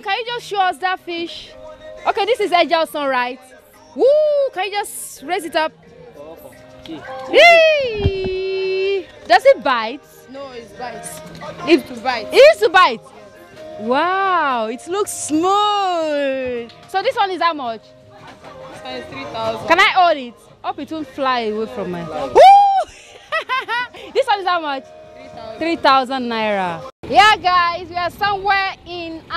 Madam, can you just show us that fish? Okay, this is Edgelson, right? Woo! Can you just raise it up? Hey! Does it bite? No, it bites. It, it to bite. It is to bite. Wow, it looks smooth. So this one is how much? This one is 3,000. Can I hold it? Hope it won't fly away from my... Woo! this one is how much? 3,000 3, naira. Yeah, guys, we are somewhere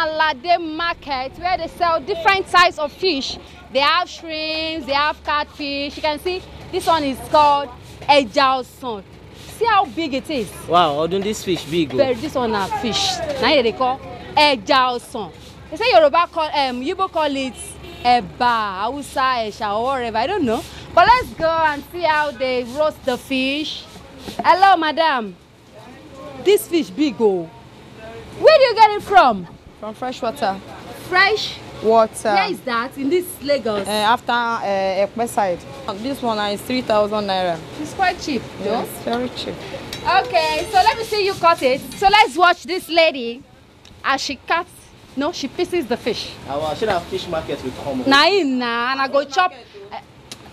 Alade market where they sell different types of fish. They have shrimps, they have catfish. You can see this one is called Eja See how big it is. Wow, how do this fish big. Very, this one are fish. Now they call Eja They say Yoruba call, um, Yibo call it Eba, Hausa, Esha, or whatever. I don't know. But let's go and see how they roast the fish. Hello, madam. This fish big, oh. Where do you get it from? From fresh water. Fresh water. Where is that? In this Lagos? Uh, after uh, Ekpe side. This one is 3,000 naira. It's quite cheap, though. Yes, very cheap. Okay, so let me see you cut it. So let's watch this lady as she cuts. No, she pieces the fish. Our should have fish market with come. Nah, nah, and I go chop. Uh,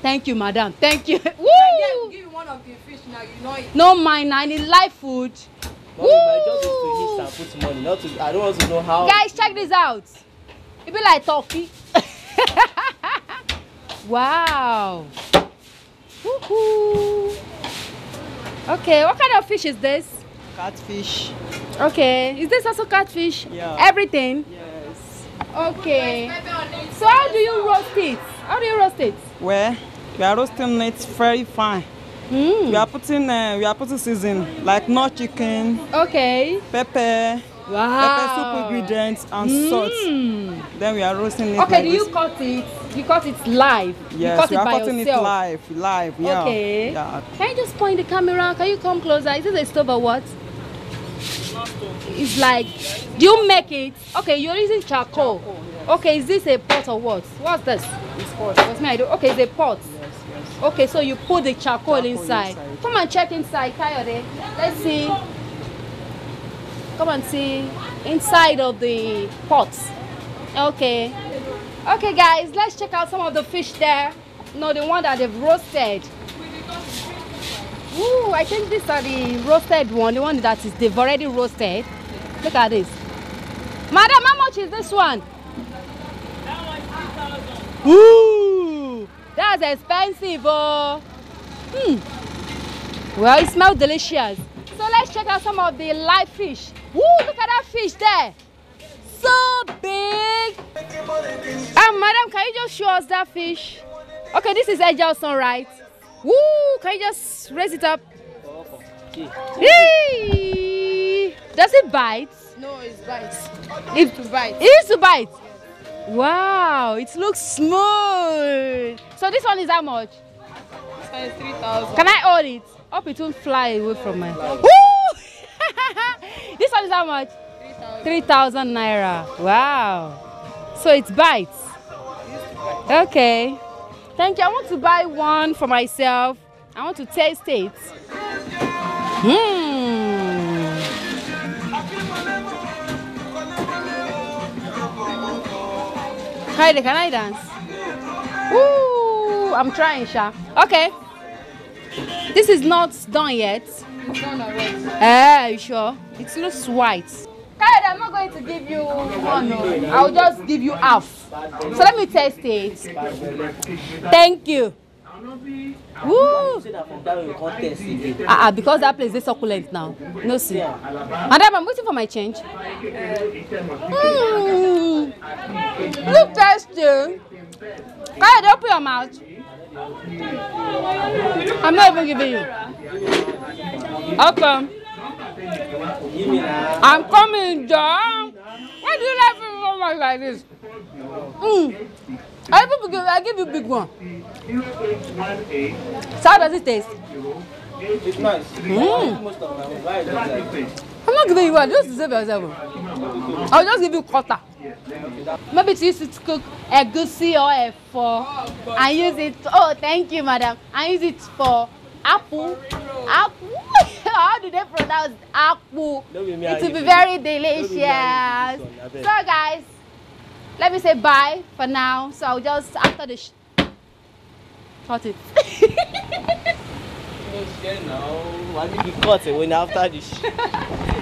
thank you, madam. Thank you. Woo! give you one of the fish now. You know it. No, mine. I need e live food. Mom, Woo! Not to, I don't want to know how. Guys, check this out. It be like turkey. wow. Woohoo. Okay, what kind of fish is this? Catfish. Okay, is this also catfish? Yeah. Everything? Yes. Okay. So how do you roast it? How do you roast it? Well, we are roasting it very fine. Mm. We are putting uh, we are putting season like no chicken. Okay. Pepper. Wow. Pepper soup ingredients and mm. salt. Then we are roasting it. Okay, like do you this. cut it? You cut it live? Yes, cut we it are by cutting yourself. it live, live. Yeah. Okay. Yeah. Can you just point the camera? Can you come closer? Is this a stove or what? It's like, do you make it? Okay, you're using charcoal. charcoal yes. Okay, is this a pot or what? What's this? It's pot. What's my I Okay, it's a pot. Yes, yes. Okay, so you put the charcoal, charcoal inside. inside. Come and check inside, Kayode. Let's see. Come and see inside of the pots. Okay. Okay, guys, let's check out some of the fish there. No, the one that they've roasted. Ooh, I think these are the roasted one, the one that is they've already roasted. Look at this. Madam, how much is this one? Ooh, that's expensive. Oh. Hmm. Well, it smells delicious. So let's check out some of the live fish. Woo, look at that fish there. So big. And ah, madam, can you just show us that fish? Okay, this is Angel right? Woo, can you just raise it up? Hey! Does it bite? No, it bites. It, to bite. It used to bite. Wow, it looks smooth. So this one is how much? This one is 3,000. Can I hold it? Hope it won't fly away from my... Ooh! is how much? 3,000 naira. Wow. So it bites. Okay. Thank you. I want to buy one for myself. I want to taste it. Mmm. Hi, can I dance? Ooh, I'm trying, Sha. Okay. This is not done yet. It's done already. Eh, you sure? It looks white. Kayode, I'm not going to give you one. Oh. I'll just give you half. So let me test it. Thank you. Woo! Ah, ah, because that place is succulent now. No see. Madam, I'm waiting for my change. Mm. Look tasty. Can I open your mouth? I'm not even giving you. Okay. I'm coming, John. Why do you like me so much like this? Mm. I give I give you big one. So how does it taste? It's nice. Mm. I'm not giving you one. Just save yourself. I'll just give you quarter. Maybe to use it to cook egusi or efo. and use it. Oh, thank you, madam. I use it for apple. Apple. How do they pronounce apple? It will be very delicious. So, guys, let me say bye for now. So I'll just after the. Cut it. no share now. Why did you cut it when after this?